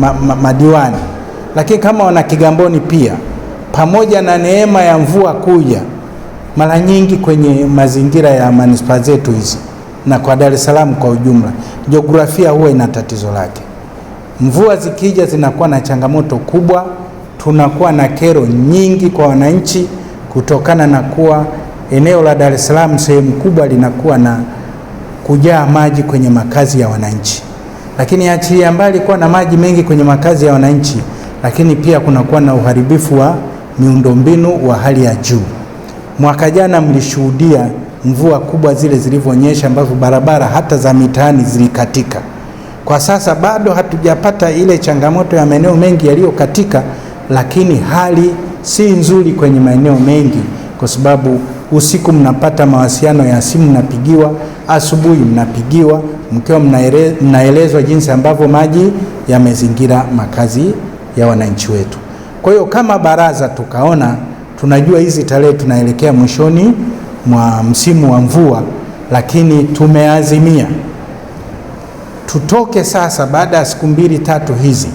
ma, ma, madiwani, lakini kama wana Kigamboni pia, pamoja na neema ya mvua kuja mara nyingi kwenye mazingira ya manispaa zetu hizi na kwa Dar es Salaam kwa ujumla, jiografia huwa ina tatizo lake. Mvua zikija zinakuwa na changamoto kubwa, tunakuwa na kero nyingi kwa wananchi kutokana na kuwa eneo la Dar es Salaam sehemu kubwa linakuwa na kujaa maji kwenye makazi ya wananchi. Lakini achilia mbali kuwa na maji mengi kwenye makazi ya wananchi, lakini pia kunakuwa na uharibifu wa miundombinu wa hali ya juu. Mwaka jana mlishuhudia mvua kubwa zile zilivyonyesha, ambazo barabara hata za mitaani zilikatika. Kwa sasa bado hatujapata ile changamoto ya maeneo mengi yaliyokatika, lakini hali si nzuri kwenye maeneo mengi kwa sababu usiku mnapata mawasiliano ya simu, mnapigiwa, asubuhi mnapigiwa, mkiwa mnaelezwa jinsi ambavyo maji yamezingira makazi ya wananchi wetu. Kwa hiyo kama baraza tukaona tunajua hizi tarehe tunaelekea mwishoni mwa msimu wa mvua, lakini tumeazimia tutoke sasa, baada ya siku mbili tatu hizi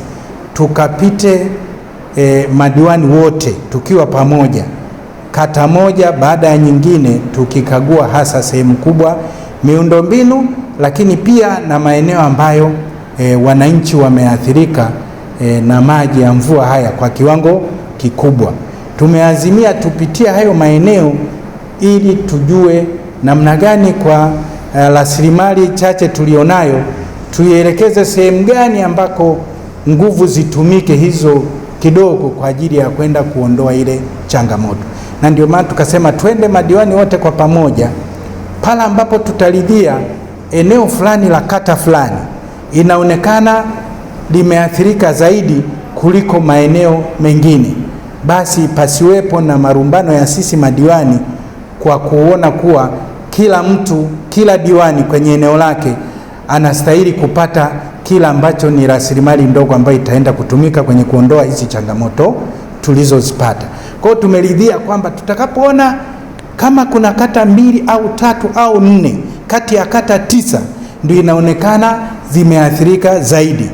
tukapite eh, madiwani wote tukiwa pamoja kata moja baada ya nyingine, tukikagua hasa sehemu kubwa miundombinu, lakini pia na maeneo ambayo e, wananchi wameathirika e, na maji ya mvua haya kwa kiwango kikubwa. Tumeazimia tupitie hayo maeneo ili tujue namna gani kwa eh, rasilimali chache tulionayo tuielekeze sehemu gani ambako nguvu zitumike hizo kidogo kwa ajili ya kwenda kuondoa ile changamoto na ndio maana tukasema twende madiwani wote kwa pamoja, pale ambapo tutaridhia eneo fulani la kata fulani inaonekana limeathirika zaidi kuliko maeneo mengine, basi pasiwepo na marumbano ya sisi madiwani kwa kuona kuwa kila mtu, kila diwani kwenye eneo lake anastahili kupata kila ambacho ni rasilimali ndogo ambayo itaenda kutumika kwenye kuondoa hizi changamoto tulizozipata. Kwa hiyo tumeridhia kwamba tutakapoona kama kuna kata mbili au tatu au nne kati ya kata tisa ndio inaonekana zimeathirika zaidi,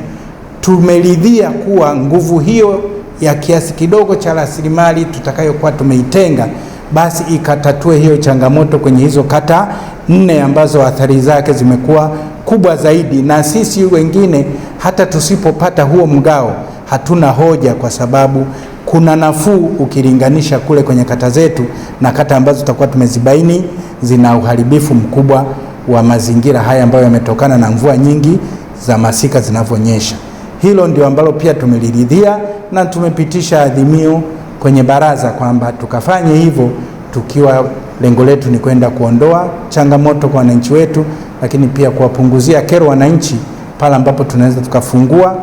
tumeridhia kuwa nguvu hiyo ya kiasi kidogo cha rasilimali tutakayokuwa tumeitenga basi ikatatue hiyo changamoto kwenye hizo kata nne ambazo athari zake zimekuwa kubwa zaidi, na sisi wengine hata tusipopata huo mgao hatuna hoja, kwa sababu kuna nafuu ukilinganisha kule kwenye kata zetu na kata ambazo tutakuwa tumezibaini zina uharibifu mkubwa wa mazingira haya ambayo yametokana na mvua nyingi za masika zinavyonyesha. Hilo ndio ambalo pia tumeliridhia na tumepitisha adhimio kwenye baraza kwamba tukafanye hivyo, tukiwa lengo letu ni kwenda kuondoa changamoto kwa wananchi wetu, lakini pia kuwapunguzia kero wananchi pale ambapo tunaweza tukafungua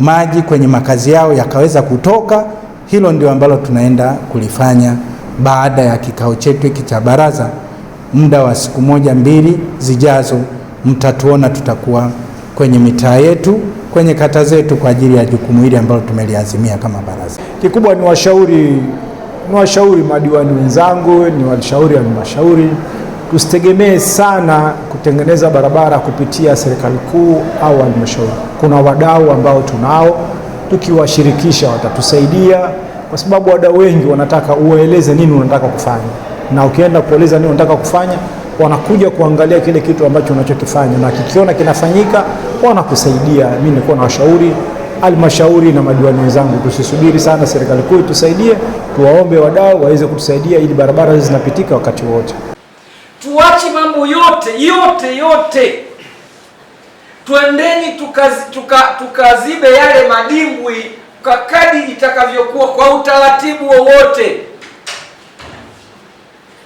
maji kwenye makazi yao yakaweza kutoka. Hilo ndio ambalo tunaenda kulifanya baada ya kikao chetu hiki cha baraza. Muda wa siku moja mbili zijazo, mtatuona tutakuwa kwenye mitaa yetu, kwenye kata zetu kwa ajili ya jukumu hili ambalo tumeliazimia kama baraza. Kikubwa ni washauri, ni washauri madiwani wenzangu, ni washauri halmashauri Tusitegemee sana kutengeneza barabara kupitia serikali kuu au halmashauri. Kuna wadau ambao tunao, tukiwashirikisha watatusaidia, kwa sababu wadau wengi wanataka uwaeleze nini unataka kufanya, na ukienda kueleza nini unataka kufanya, wanakuja kuangalia kile kitu ambacho unachokifanya, na kikiona kinafanyika wanakusaidia. Mimi nilikuwa na washauri halmashauri na madiwani wenzangu, tusisubiri sana serikali kuu itusaidie, tuwaombe wadau waweze kutusaidia ili barabara zinapitika wakati wote tuache mambo yote yote yote, twendeni tukazibe tuka, tuka yale madimbwi kwa kadi itakavyokuwa kwa utaratibu wowote.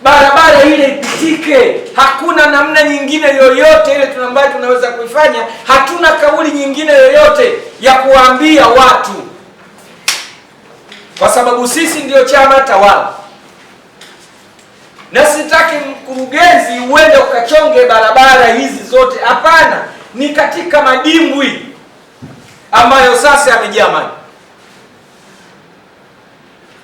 Barabara ile ipitike, hakuna namna nyingine yoyote ile ambayo tunaweza kuifanya. Hatuna kauli nyingine yoyote ya kuwaambia watu, kwa sababu sisi ndiyo chama tawala na sitaki mkurugenzi uende ukachonge barabara hizi zote, hapana. Ni katika madimbwi ambayo sasa yamejaa maji,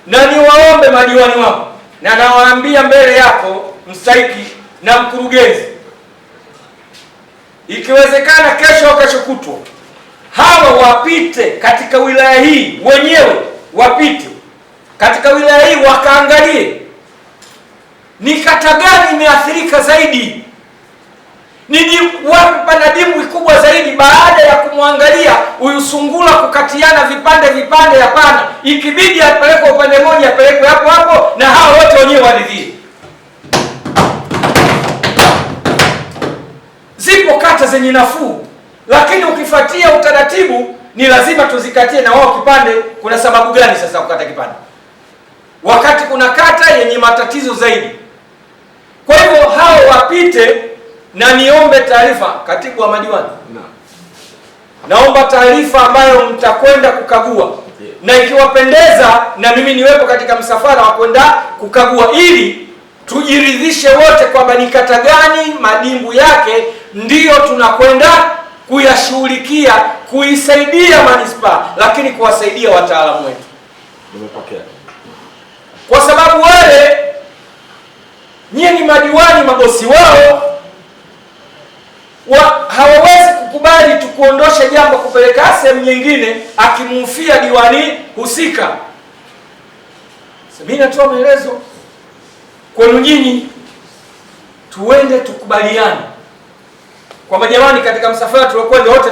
na niwaombe madiwani wako na nawaambia mbele yako mstahiki na mkurugenzi, ikiwezekana kesho au kesho kutwa hawa wapite katika wilaya hii wenyewe, wapite katika wilaya hii wakaangalie ni kata gani imeathirika zaidi, ni pana dimbwi kubwa zaidi, baada ya kumwangalia huyu kukatiana vipande vipande. Hapana, ikibidi apelekwa upande mmoja, apelekwe hapo hapo, na hao wote wenyewe waridhie. Zipo kata zenye nafuu, lakini ukifuatia utaratibu ni lazima tuzikatie na wao kipande. Kuna sababu gani sasa kukata kipande wakati kuna kata yenye matatizo zaidi? Kwa hivyo hao wapite, na niombe taarifa, katibu wa madiwani na. naomba taarifa ambayo mtakwenda kukagua na ikiwapendeza, na mimi niwepo katika msafara wa kwenda kukagua ili tujiridhishe wote kwamba ni kata gani madimbu yake ndiyo tunakwenda kuyashughulikia, kuisaidia manispaa, lakini kuwasaidia wataalamu wetu, kwa sababu wale madiwani mabosi wao wa, hawawezi kukubali tukuondoshe jambo kupeleka sehemu nyingine, akimuufia diwani husika. mi natoa maelezo kwenu nyinyi, tuende tukubaliane kwamba jamani, katika msafara tuliokwenda wote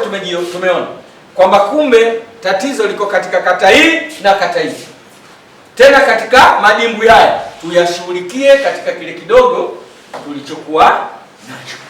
tumeona kwamba kumbe tatizo liko katika kata hii na kata hii tena katika madimbu haya tuyashughulikie katika kile kidogo tulichokuwa nacho.